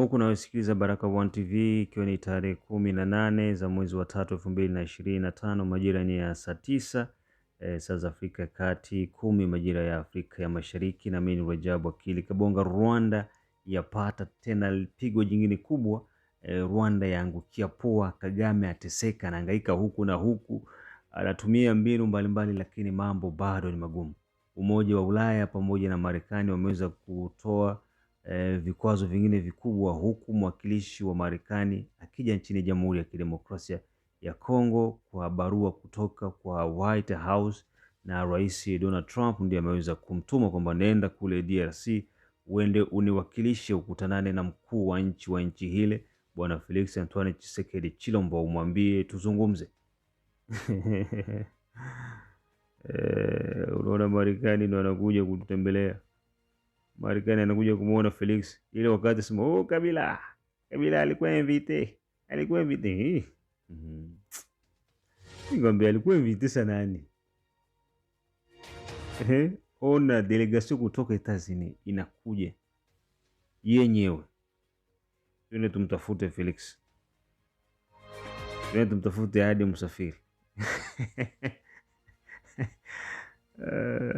huku unayosikiliza Baraka One TV ikiwa ni tarehe kumi na nane za mwezi wa tatu elfu mbili na ishirini na tano majira ni ya saa tisa e, saa za Afrika ya Kati, kumi majira ya Afrika ya Mashariki, na mimi ni Rajabu Akili Kabonga. Rwanda yapata tena pigo jingine kubwa e, Rwanda yaangukia pua, Kagame ateseka, anahangaika huku na huku, anatumia mbinu mbalimbali, lakini mambo bado ni magumu. Umoja wa Ulaya pamoja na Marekani wameweza kutoa eh, vikwazo vingine vikubwa, huku mwakilishi wa Marekani akija nchini Jamhuri ya Kidemokrasia ya Kongo kwa barua kutoka kwa White House, na Rais Donald Trump ndiye ameweza kumtuma kwamba nenda kule DRC uende uniwakilishe, ukutanane na mkuu wa nchi wa nchi hile Bwana Felix Antoine Tshisekedi Chilombo, umwambie tuzungumze. E, unaona Marekani ndo anakuja kututembelea. Marekani anakuja kumuona Felix. Ile wakati sema, "Oh, Kabila. Kabila alikuwa invite. Alikuwa invite." Eh. Mhm. Ngombe alikuwa invite sana nani? Eh, ona delegation kutoka Tanzania inakuja yenyewe. tuende tumtafute Felix. tuende tumtafute hadi msafiri. uh...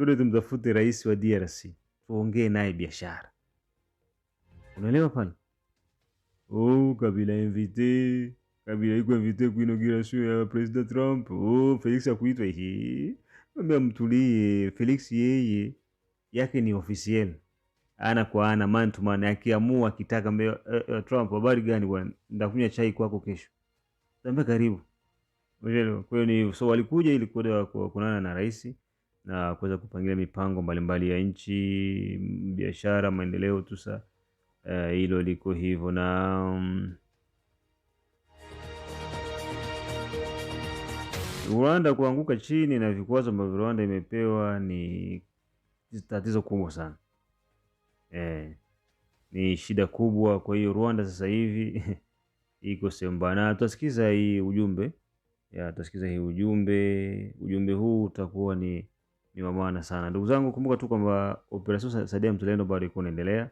yule tumtafute rais wa DRC tuongee naye biashara, unaelewa pale. Oh, Kabila invite Kabila iko invite kuinauguration ya President Trump. Oh, Felix akuitwa hi mbe mtulie. Felix yeye yake ni officiel ana kwa ana, man to man, akiamua akitaka mbe uh, eh, uh, eh, Trump, habari gani bwana, ndakunywa chai kwako kesho, tambe karibu. Kwa hiyo ni so walikuja ili kunana na rais na kuweza kupangilia mipango mbalimbali mbali ya nchi, biashara, maendeleo tusa eh, hilo uh, liko hivyo na um, Rwanda kuanguka chini na vikwazo ambavyo Rwanda imepewa ni tatizo kubwa sana eh, ni shida kubwa. Kwa hiyo Rwanda sasa hivi iko mbaya, na tutasikiza hii ujumbe ya tutasikiza hii ujumbe. Ujumbe huu utakuwa ni ni wa maana sana. Ndugu zangu, kumbuka tu kwamba operesheni Saidia Mzalendo bado iko inaendelea,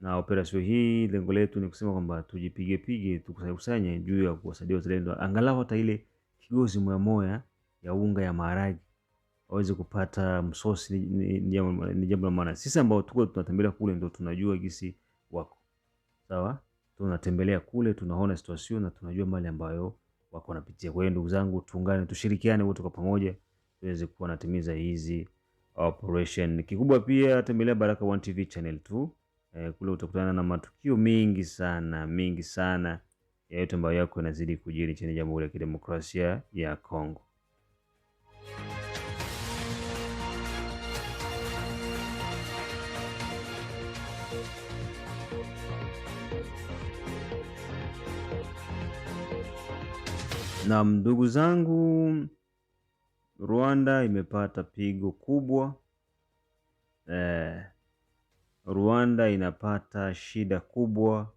na operesheni hii lengo letu ni kusema kwamba tujipige pige, tukusanye juu ya kuwasaidia wazalendo angalau hata ile kigozi moya moya ya unga ya maharage waweze kupata msosi. Ni jambo la maana. Sisi ambao tuko tunatembelea kule ndio tunajua gisi wako sawa, tunatembelea kule tunaona situation na tunajua mali ambayo wako wanapitia. Kwa hiyo ndugu zangu, tuungane, tushirikiane wote kwa pamoja tuweze kuwa natimiza hizi uh, operation. Kikubwa pia tembelea Baraka1 TV channel 2 eh, kule utakutana na matukio mengi sana mengi sana ya yote ambayo yako yanazidi kujiri nchini Jamhuri ya Kidemokrasia ya Kongo. Na ndugu zangu Rwanda imepata pigo kubwa eh, Rwanda inapata shida kubwa.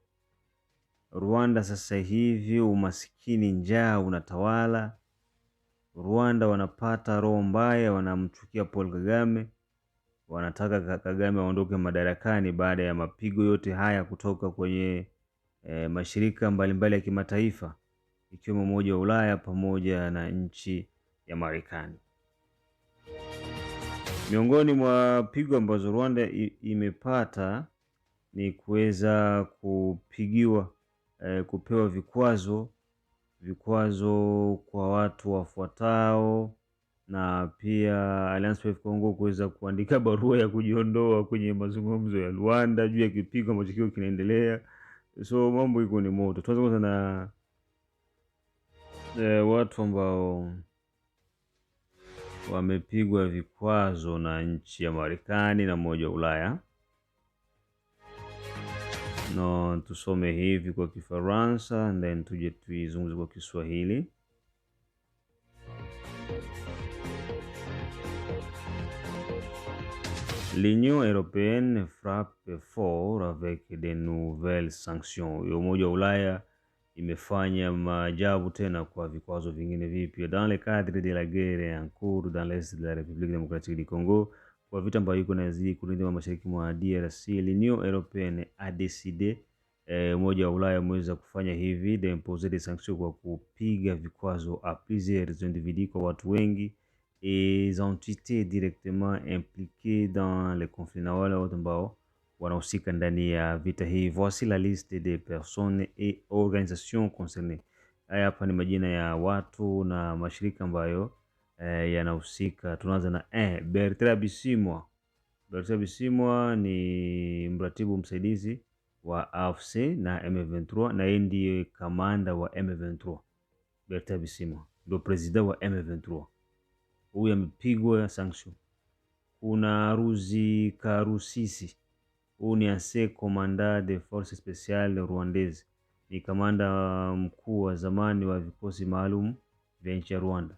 Rwanda sasa hivi umasikini, njaa unatawala Rwanda, wanapata roho mbaya, wanamchukia Paul Kagame, wanataka Kagame aondoke madarakani baada ya mapigo yote haya kutoka kwenye eh, mashirika mbalimbali mbali ya kimataifa ikiwemo Umoja wa Ulaya pamoja na nchi ya Marekani. Miongoni mwa pigo ambazo Rwanda imepata ni kuweza kupigiwa eh, kupewa vikwazo vikwazo kwa watu wafuatao na pia Alliance Fleuve Congo kuweza kuandika barua ya kujiondoa kwenye mazungumzo ya Rwanda juu ya kipigo ambacho kio kinaendelea. So mambo iko ni moto. Tuanze kwanza na eh, watu ambao wamepigwa vikwazo na nchi ya Marekani na Umoja wa Ulaya. No, tusome hivi kwa Kifaransa then tuje tuizungumze kwa Kiswahili. L'Union européenne frappe fort avec de nouvelles sanctions. Umoja wa Ulaya imefanya maajabu tena kwa vikwazo vingine vipya dans le cadre de la guerre en cours dans l'est de la République démocratique du Congo, kwa vita ambayo iko nazidi wa mashariki mwa DRC, l'Union Européenne a décidé eh, Umoja wa Ulaya umeweza kufanya hivi de imposer des sanctions, kwa kupiga vikwazo a plusieurs individus, kwa watu wengi et entités directement impliquées dans le conflit na wale ambao wanahusika ndani ya vita hii. Voici la liste des personnes et organisations concernées. Haya hapa ni majina ya watu na mashirika ambayo eh, yanahusika. Tunaanza na eh, Bertrand Bisimwa. Bertrand Bisimwa ni mratibu msaidizi wa AFC na M23 na yeye ndiye kamanda wa M23. Bertrand Bisimwa ndio president wa M23. Huyu amepigwa sanction. Kuna Ruzi Karusisi Huyu ni ase commanda de force special Rwandaises, ni kamanda mkuu wa zamani wa vikosi maalum vya nchi ya Rwanda.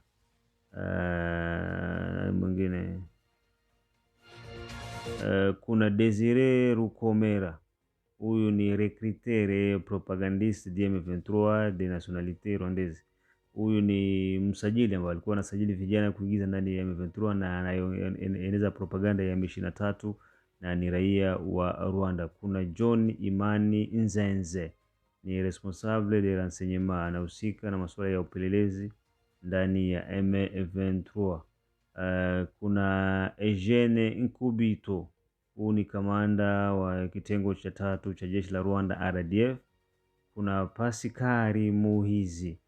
Uh, mwingine uh, kuna Desire Rukomera, huyu ni recruteur propagandiste dm M23 de nationalite rwandaise. Huyu ni msajili ambaye alikuwa anasajili vijana kuingiza ndani ya M23 na anaeneza propaganda ya M23 na ni raia wa Rwanda. Kuna John Imani Nzenze ni responsable de renseignement, anahusika na masuala ya upelelezi ndani ya M23. Uh, kuna Eugene Nkubito, huu ni kamanda wa kitengo cha tatu cha jeshi la Rwanda RDF. Kuna Pasikari Muhizi,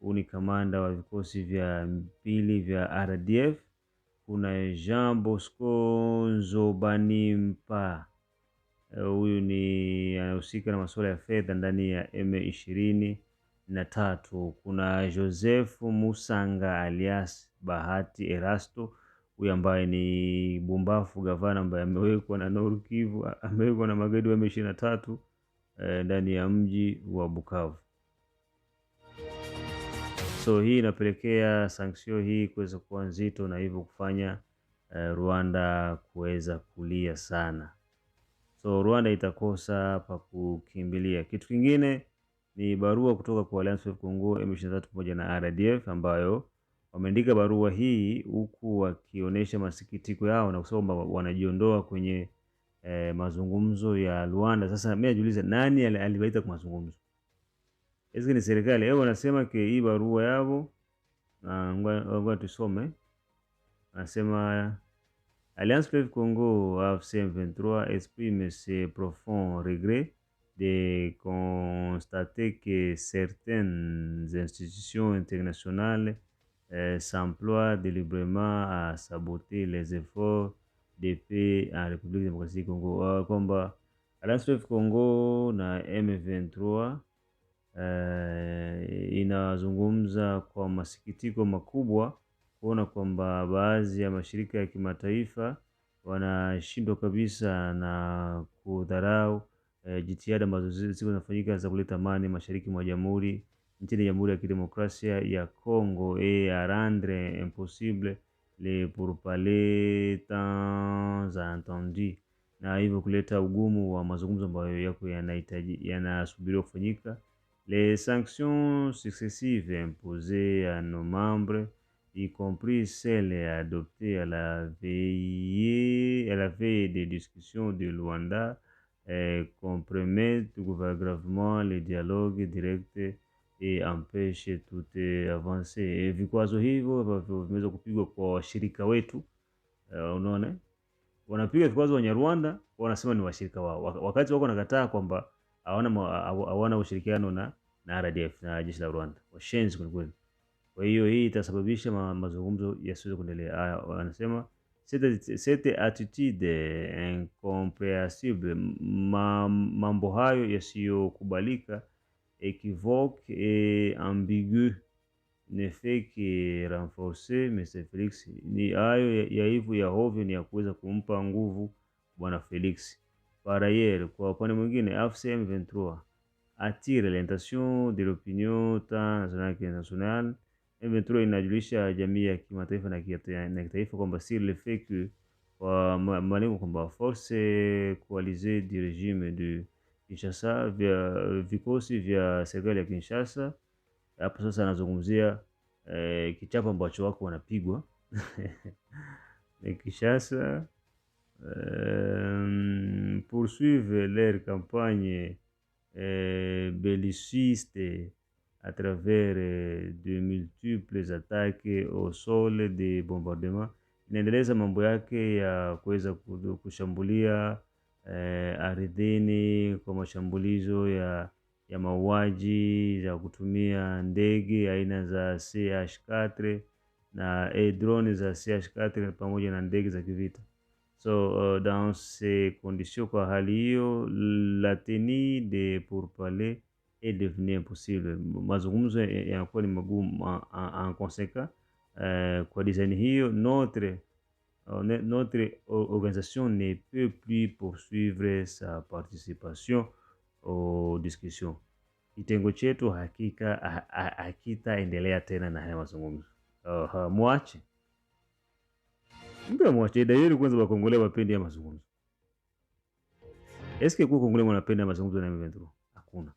huu ni kamanda wa vikosi vya pili vya RDF kuna Jean Bosco Nzobanimpa, eh, huyu ni anahusika na masuala ya fedha ndani ya M ishirini na tatu. Kuna Joseph Musanga alias Bahati Erasto, huyu ambaye ni bumbafu gavana ambaye amewekwa na Nord Kivu, amewekwa na magaidi wa M ishirini eh, ndani ya mji wa Bukavu. So hii inapelekea sanksio hii kuweza kuwa nzito na hivyo kufanya uh, Rwanda kuweza kulia sana. So Rwanda itakosa pa kukimbilia. Kitu kingine ni barua kutoka kwa Alliance of Congo M23 pamoja na RDF ambayo wameandika barua hii huku wakionyesha masikitiko yao na kusema wanajiondoa kwenye eh, mazungumzo ya Rwanda. Sasa mimi najiuliza nani aliwaita kwa mazungumzo? hizi ni serikali eh, ao wanasema ke hii barua ah, yao ngoja tusome. Eh. Anasema eh. Alliance Fleuve Congo a M23 exprime ses profonds regrets de constater que certaines institutions internationales s'emploient délibérément à saboter les efforts de paix en République démocratique du Congo. Kwamba ah, Alliance Fleuve Congo na M23 Eh, inazungumza kwa masikitiko makubwa kuona kwamba baadhi ya mashirika ya kimataifa wanashindwa kabisa na kudharau e, jitihada ambazo ziko zinafanyika za kuleta amani mashariki mwa jamhuri nchini Jamhuri ya Kidemokrasia ya Kongo e eh, a rendre impossible le pour parler temps na hivyo kuleta ugumu wa mazungumzo ambayo yako yanahitaji yanasubiriwa kufanyika Les sanctions successives imposées à nos membres, y compris celles adoptées à la veillée, à la veille des discussions de Luanda, euh, compromettent gravement les dialogues directs et empêchent toute avancée. Vikwazo hivyo vimeweza kupigwa kwa washirika wetu. Euh, unaona wanapiga vikwazo Wanyarwanda, wanasema ni washirika wao, wakati wako nakataa kwamba hawana ushirikiano na, na RDF na jeshi la Rwanda, washenzi kwelikweli. Kwa hiyo hii itasababisha ma, mazungumzo yasiweze kuendelea. Wanasema cette attitude incompréhensible, mambo hayo yasiyokubalika équivoque et ambigu ne fait que renforcer Mr Felix. Ni hayo yaivu ya hovyo, ni ya kuweza kumpa nguvu bwana Felix. Par kwa upande mwingine, AFCM M23 attire l'attention de l'opinion tant nationale. M23 inajulisha jamii ya kimataifa na kitaifa kwamba sur le fait que kwa malengo kwamba force coalisee du regime de Kinshasa, vikosi vya serikali ya Kinshasa. Hapo sasa anazungumzia eh, kichapo ambacho wako wanapigwa Kinshasa Euh, poursuivent leur campagne euh, belliciste à travers euh, de multiples attaques au sol, des bombardements. Inaendeleza mambo yake ya kuweza kushambulia eh, ardhini kwa mashambulizo ya, ya mauaji ya kutumia ndege aina za CH4 na eh, drone za CH4 pamoja na ndege za kivita. So, uh, dans ces conditions, quoi, Halio, la tenue de pourparlers est devenue impossible. Mazungumzo yanakuwa ni magumu. En conséquence, euh, quoi kwa design notre euh, notre organisation ne peut plus poursuivre sa participation aux discussions. Kitengo chetu hakika hakitaendelea tena na haya mazungumzo. Uh, mwache Mbona mwache dai yenu kwanza bakongole wapendi ya mazungumzo. Eske kwa kongole wanapenda mazungumzo na mimi Hakuna.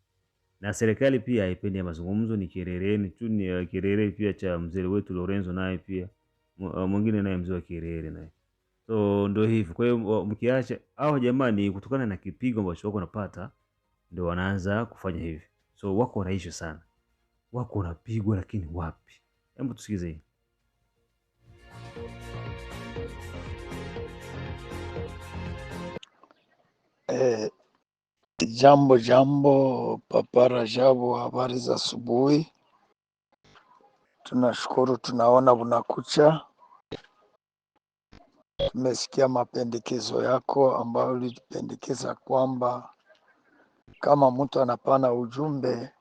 Na serikali pia haipendi ya mazungumzo, ni kirereni tu, ni uh, kirere pia cha mzee wetu Lorenzo naye pia. Mwingine naye mzee wa kirere naye. So ndio hivyo. Kwa hiyo mkiacha au jamani, kutokana na kipigo ambacho wako napata ndio wanaanza kufanya hivi. So wako wanaisha sana. Wako wanapigwa lakini wapi? Hebu tusikize hii. Eh, jambo jambo, Papa Rajabu, habari za asubuhi. Tunashukuru, tunaona unakucha. Tumesikia mapendekezo yako ambayo ulipendekeza kwamba kama mtu anapana ujumbe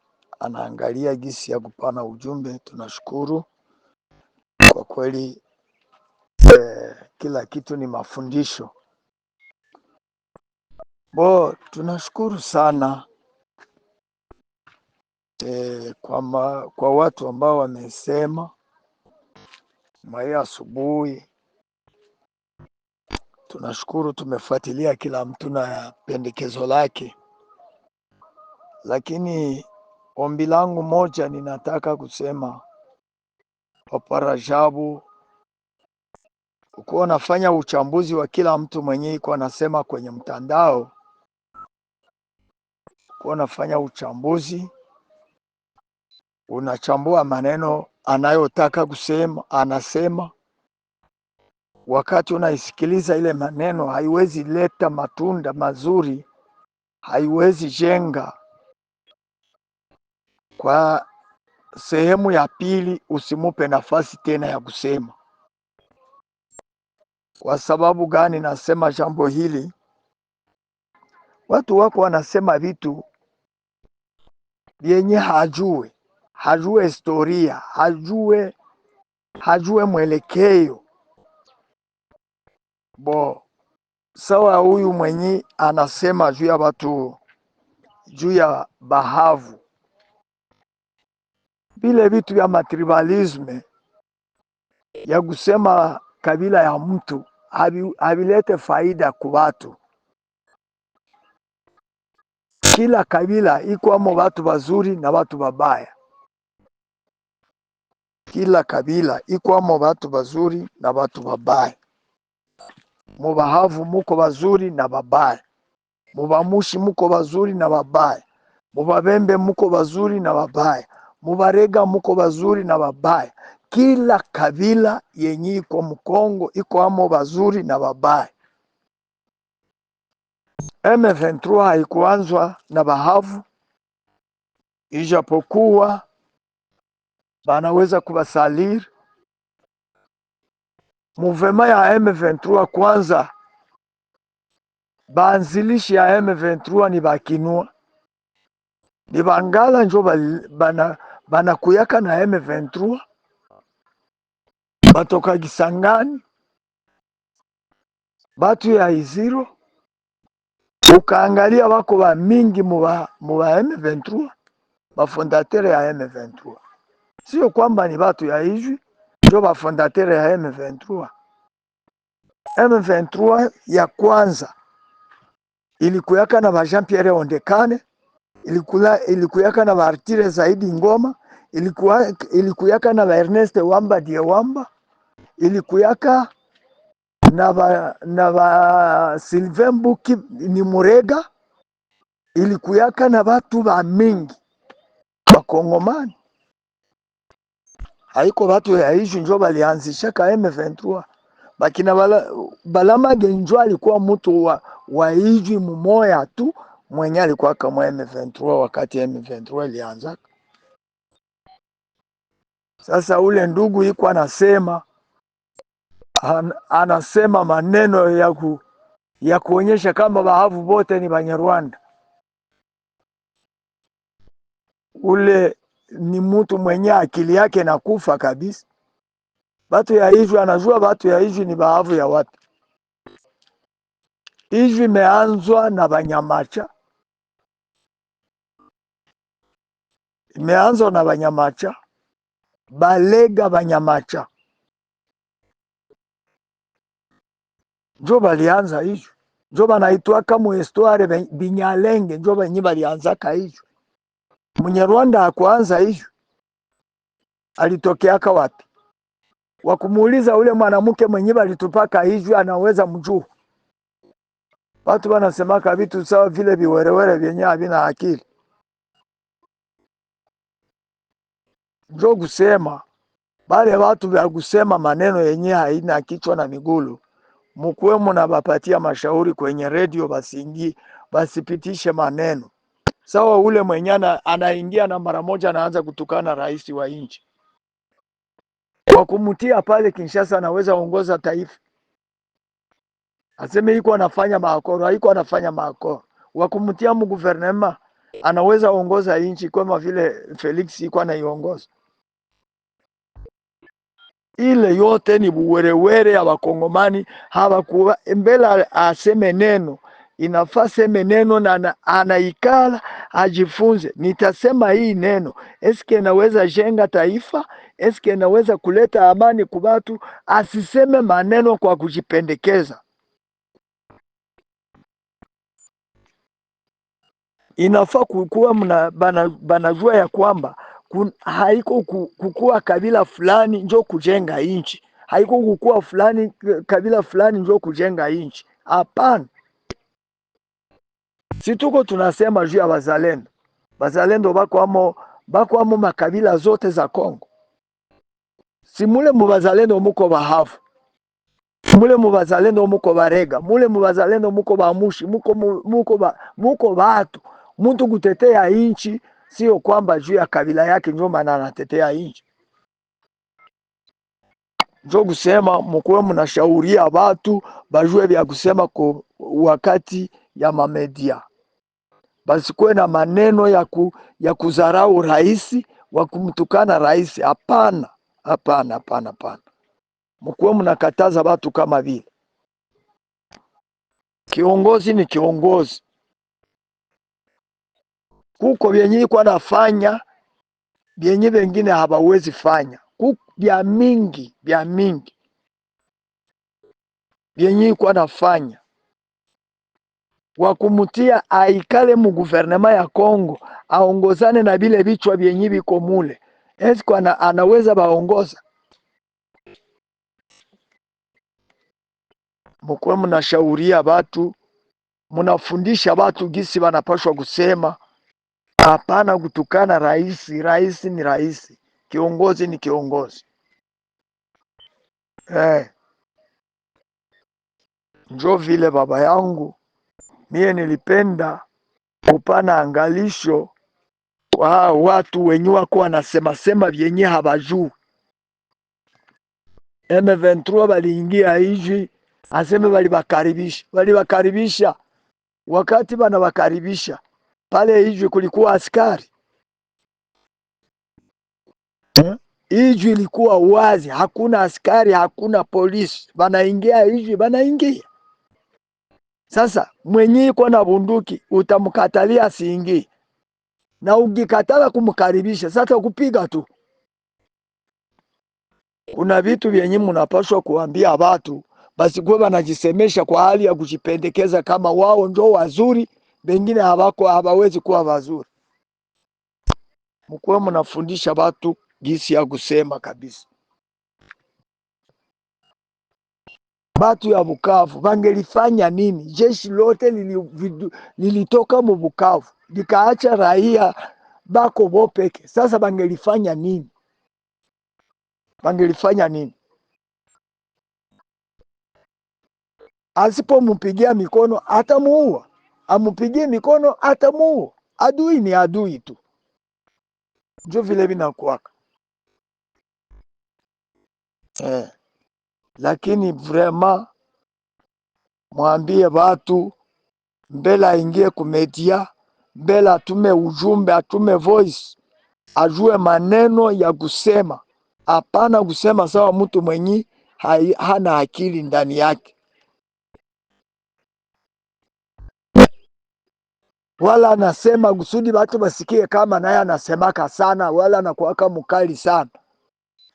anaangalia gisi ya kupana ujumbe. Tunashukuru kwa kweli, eh, kila kitu ni mafundisho Bo, tunashukuru sana e, kwa, ma, kwa watu ambao wamesema mwahiyo asubuhi. Tunashukuru, tumefuatilia kila mtu na pendekezo lake, lakini ombi langu moja ninataka kusema Papa Rajabu, ukuwa unafanya uchambuzi wa kila mtu mwenyewe iko anasema kwenye mtandao kuwa unafanya uchambuzi, unachambua maneno anayotaka kusema, anasema wakati unaisikiliza ile maneno, haiwezi leta matunda mazuri, haiwezi jenga. Kwa sehemu ya pili, usimupe nafasi tena ya kusema. Kwa sababu gani nasema jambo hili? Watu wako wanasema vitu yenye hajue, hajue historia, hajue hajue mwelekeo bo sawa. Huyu mwenye anasema juu ya watu juu ya bahavu vile vitu vya matribalisme ya kusema kabila ya mtu havilete faida ku watu kila kabila ikwamo batu bazuri na batu babaya, kila kabila ikwamo batu bazuri na batu babaya. Mubahavu muko bazuri na babaya, mubamushi muko bazuri na babaya, mubabembe muko bazuri na babaya, mubarega muko bazuri na babaya. Kila kabila yenye iko Mkongo iko amo bazuri na babaya. M23 haikuanzwa na bahavu, ijapokuwa banaweza kubasaliri muvema ya M23. Kwanza baanzilishi ya M23 ni bakinua, ni bangala njo banakuyaka bana na M23 batoka Kisangani, batu ya Iziro ukaangalia wako wa mingi mu muwa M23 bafondatere ya M23, sio kwamba ni batu ya ijwi ndio bafondatere ya M23. M23 ya kwanza ilikuyaka na ba Jean Pierre Ondekane, ilikula ilikuyaka na ba Artire Zaidi Ngoma, ilikuwa ilikuyaka na ba Ernest Wamba Die Wamba, ilikuyaka na ba, na ba Sylvain Mbuki ni Murega ilikuyaka na batu ba mingi kongomani haiko batu ya ishu njo ka M23 bakina bala, balama genjo alikuwa mutu wa, wa ijwi mumoya tu mwenye alikuwa kama M23 wakati M23 ilianza Sasa ule ndugu iko anasema anasema maneno ya, ku, ya kuonyesha kama bahavu bote ni Banyarwanda. Ule ni mtu mwenye akili yake nakufa kabisa. Batu ya hivi anajua batu ya Ijwi ni bahavu ya wapi? Ijwi imeanzwa na Banyamacha, imeanzwa na Banyamacha, Balega Banyamacha njo balianza hicho, njo banaitwaka muestware binyalenge, njo benye ka hicho. Munyarwanda akuanza hicho, alitokea ka wapi? Wakumuuliza ule mwanamke mwenye balitupaka hicho, anaweza mjuu. Watu banasemaka vitu sawa vile viwerewere vyenye havina akili, njo kusema bale watu vya kusema maneno yenye haina kichwa na migulu mkuwe munabapatia mashauri kwenye redio, basi basipitishe maneno sawa. Ule mwenyana anaingia na mara moja anaanza kutukana rais wa nchi, kwa kumtia pale Kinshasa anaweza ongoza taifa, aseme iko anafanya maakoro, haiko anafanya maakoro, wa kumtia mguvernema anaweza ongoza nchi kama vile Felix iko anaiongoza ile yote ni buwerewere ya Bakongomani. Hawakuwa mbele aseme neno, inafaa seme neno na anaikala ajifunze, nitasema hii neno eske naweza jenga taifa, eske naweza kuleta amani ku batu. Asiseme maneno kwa kujipendekeza. Inafaa kukuwa mna banajua ya kwamba haiko kukua kabila fulani njo kujenga inchi, haiko kukua fulani kabila fulani njo kujenga inchi. Hapana, si tuko tunasema juu ya bazalendo. Bazalendo bako amo, bako amo makabila zote za Kongo. Si mule mubazalendo muko bahafu, mule mubazalendo muko barega, mule mubazalendo muko bamushi, muko, muko, ba, muko batu mutu kutetea inchi sio kwamba juu ya kabila yake njo maana anatetea nchi. Njo kusema mkuwe mnashauria batu bajue vya kusema ku wakati ya mamedia, basikuwe na maneno ya, ku, ya kuzarau rahisi wa kumtukana raisi. Hapana, hapana, hapana, hapana. Mkuwe mnakataza batu kama vile kiongozi ni kiongozi kuko vyenye iko anafanya vyenye vengine hawawezi fanya, kuko vya mingi vya mingi vyenye iko anafanya wakumutia aikale mu guvernema ya Kongo aongozane na vile vichwa vyenye viko mule. Esko ana, anaweza baongoza? Mukuwa munashauria batu, munafundisha batu gisi banapashwa kusema. Hapana kutukana rais. Rais ni rais, kiongozi ni kiongozi eh. Njo vile baba yangu mie nilipenda kupana angalisho wa watu wenye wako sema vyenye habajuu. M23 baliingia hiji, aseme balibakaribisha, balibakaribisha wakati banabakaribisha pale Ijwi kulikuwa askari hmm? Ijwi ilikuwa wazi, hakuna askari, hakuna polisi, banaingia Ijwi, banaingia sasa. Mwenye iko na bunduki utamkatalia asiingie, na ukikatala kumkaribisha, sasa kupiga tu. Kuna vitu vyenye mnapaswa kuambia watu, basi kwa wanajisemesha kwa hali ya kujipendekeza kama wao ndio wazuri bengine habako habawezi kuwa wazuri. Mkuwe mnafundisha batu gisi ya kusema kabisa. Batu ya Bukavu bangelifanya nini? Jeshi lote lilitoka mu Bukavu likaacha raia bako bopeke. Sasa bangelifanya nini? Bangelifanya nini? Asipomupigia mikono atamuua amupigie mikono, atamuua. Adui ni adui tu, njo vile vinakuwaka eh. Lakini vraiment mwambie watu mbele aingie kumedia, mbele atume ujumbe, atume voice, ajue maneno ya kusema, hapana kusema sawa mtu mwenye hana akili ndani yake. wala anasema kusudi watu wasikie kama naye anasemaka sana, wala anakuwaka mkali sana.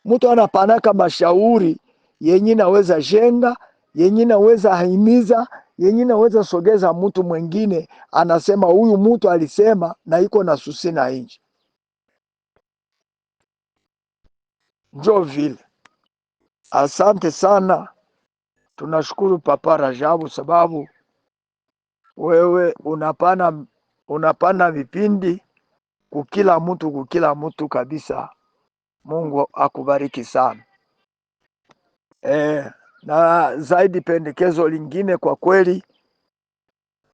Mtu anapanaka mashauri yenye naweza jenga, yenye naweza haimiza, yenye naweza sogeza mtu mwingine. Anasema huyu mtu alisema na iko na susi na inji njo vile. Asante sana, tunashukuru Papa Rajabu sababu wewe unapana unapanda vipindi kukila mtu kukila mtu kabisa. Mungu akubariki sana e, na zaidi pendekezo lingine kwa kweli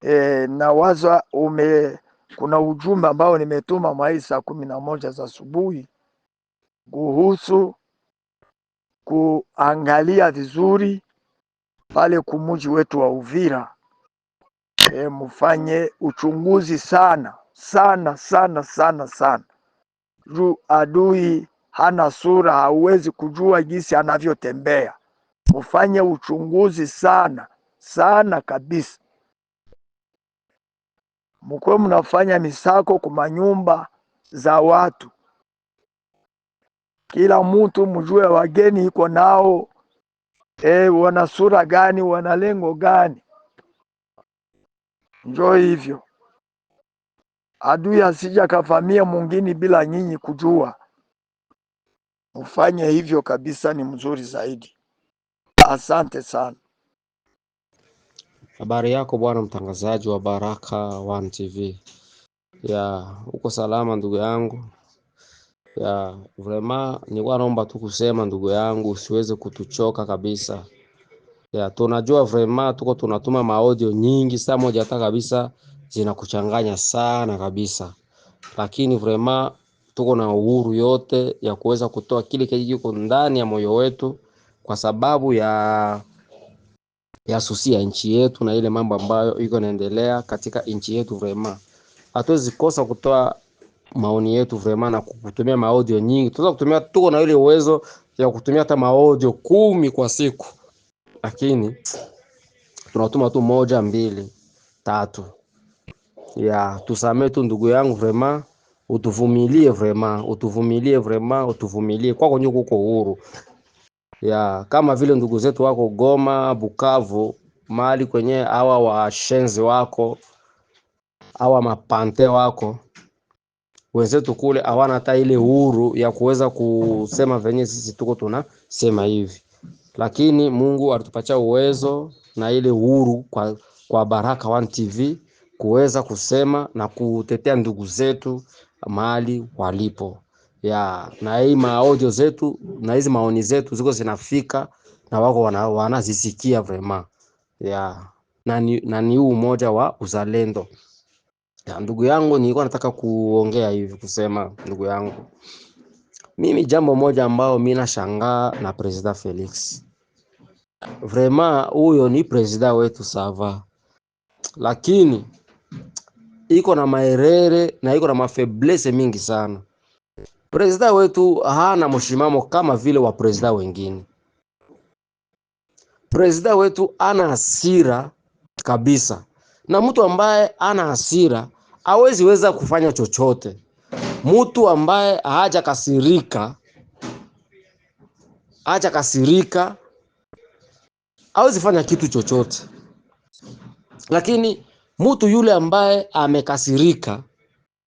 e, eh, nawaza ume kuna ujumbe ambao nimetuma mwai saa kumi na moja za asubuhi kuhusu kuangalia vizuri pale kumuji wetu wa Uvira e, mfanye uchunguzi sana sana sana sana sana, juu adui hana sura, hauwezi kujua jinsi anavyotembea. Mfanye uchunguzi sana sana kabisa, mkuwe mnafanya misako kumanyumba za watu, kila mtu mjue wageni iko nao e, wana sura gani, wana lengo gani Njoo hivyo, adui asija kavamia mwingine bila nyinyi kujua. ufanye hivyo kabisa, ni mzuri zaidi. Asante sana. Habari yako bwana mtangazaji wa Baraka One TV. Ya uko salama ndugu yangu? Ya vrema, nilikuwa naomba tu kusema ndugu yangu, usiweze kutuchoka kabisa ya tunajua vrema tuko tunatuma maaudio nyingi saa moja hata kabisa zinakuchanganya sana kabisa, lakini vrema tuko na uhuru yote ya kuweza kutoa kile kilicho ndani ya moyo wetu kwa sababu ya ya susi ya nchi yetu na ile mambo ambayo iko naendelea katika nchi yetu. vrema hatuwezi kosa kutoa maoni yetu vrema na kutumia maaudio nyingi. Tunaweza kutumia, tuko na ile uwezo ya kutumia hata maaudio kumi kwa siku lakini tunatuma tu moja mbili tatu ya tusamee tu ndugu yangu, vraiment utuvumilie, vraiment utuvumilie, vraiment utuvumilie kwako nyuko uko huru ya kama vile ndugu zetu wako Goma, Bukavu, mali kwenye hawa washenzi wako hawa mapante wako wenzetu kule hawana hata ile uhuru ya kuweza kusema venye sisi tuko tunasema hivi lakini Mungu alitupatia uwezo na ile uhuru kwa, kwa Baraka One TV kuweza kusema na kutetea ndugu zetu mahali walipo ya na hii maaudio zetu na hizi maoni zetu ziko zinafika na wako wanazisikia wana vrema ya na ni, na ni umoja wa uzalendo ya ndugu yangu, nilikuwa nataka kuongea hivi kusema ndugu yangu mimi jambo moja ambao mi nashangaa na Presida Felix, vrema huyo ni presida wetu sava, lakini iko na maerere na iko na mafeblese mingi sana. Presida wetu hana mshimamo kama vile wa presida wengine. Presida wetu ana hasira kabisa, na mtu ambaye ana hasira hawezi weza kufanya chochote mtu ambaye haja kasirika haja kasirika hawezi fanya kitu chochote, lakini mtu yule ambaye amekasirika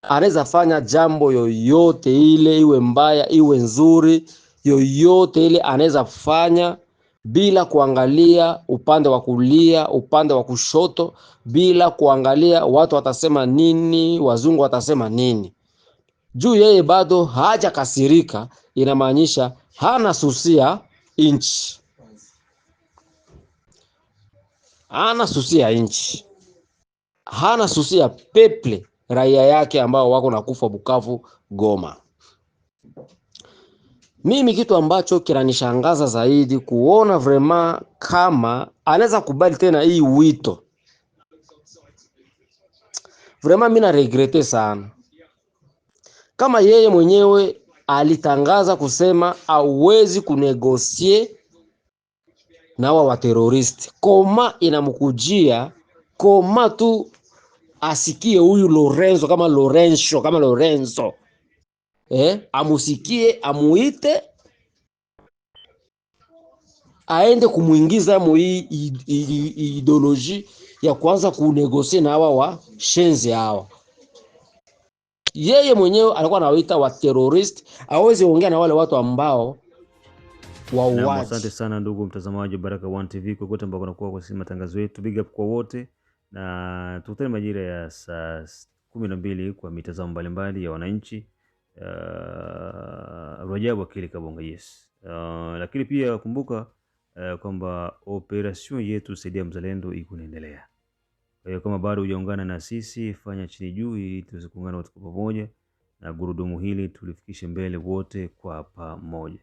anaweza fanya jambo yoyote ile, iwe mbaya iwe nzuri, yoyote ile anaweza fanya bila kuangalia upande wa kulia, upande wa kushoto, bila kuangalia watu watasema nini, wazungu watasema nini juu yeye bado hajakasirika, inamaanisha hana susia inchi, hana susia inchi, hana susia peple raia yake ambao wako na kufa Bukavu, Goma. Mimi kitu ambacho kinanishangaza zaidi kuona vrema kama anaweza kubali tena hii wito vrema, mimi na regrete sana kama yeye mwenyewe alitangaza kusema hauwezi kunegosie na wa wateroristi. Koma inamkujia koma tu asikie huyu Lorenzo kama Lorenzo kama Lorenzo eh, amusikie amuite aende kumwingiza muhii ideoloji ya kwanza kunegosie na hawa shenzi hawa yeye mwenyewe alikuwa anawaita wa terrorist, aweze ongea na wale watu ambao wauaji. Asante sana ndugu mtazamaji wa Baraka One TV kokote ambao unakuwa kwa sisi matangazo yetu, big up kwa wote, na tukutane majira ya saa kumi na mbili kwa mitazamo mbalimbali ya wananchi. Uh, Rajabu Akili Kabonga yes. Uh, lakini pia kumbuka uh, kwamba operation yetu saidia mzalendo iko inaendelea. Kwa eh, kama bado hujaungana na sisi, fanya chini juu ili tuweze kuungana wote kwa pamoja na gurudumu hili tulifikishe mbele wote kwa pamoja.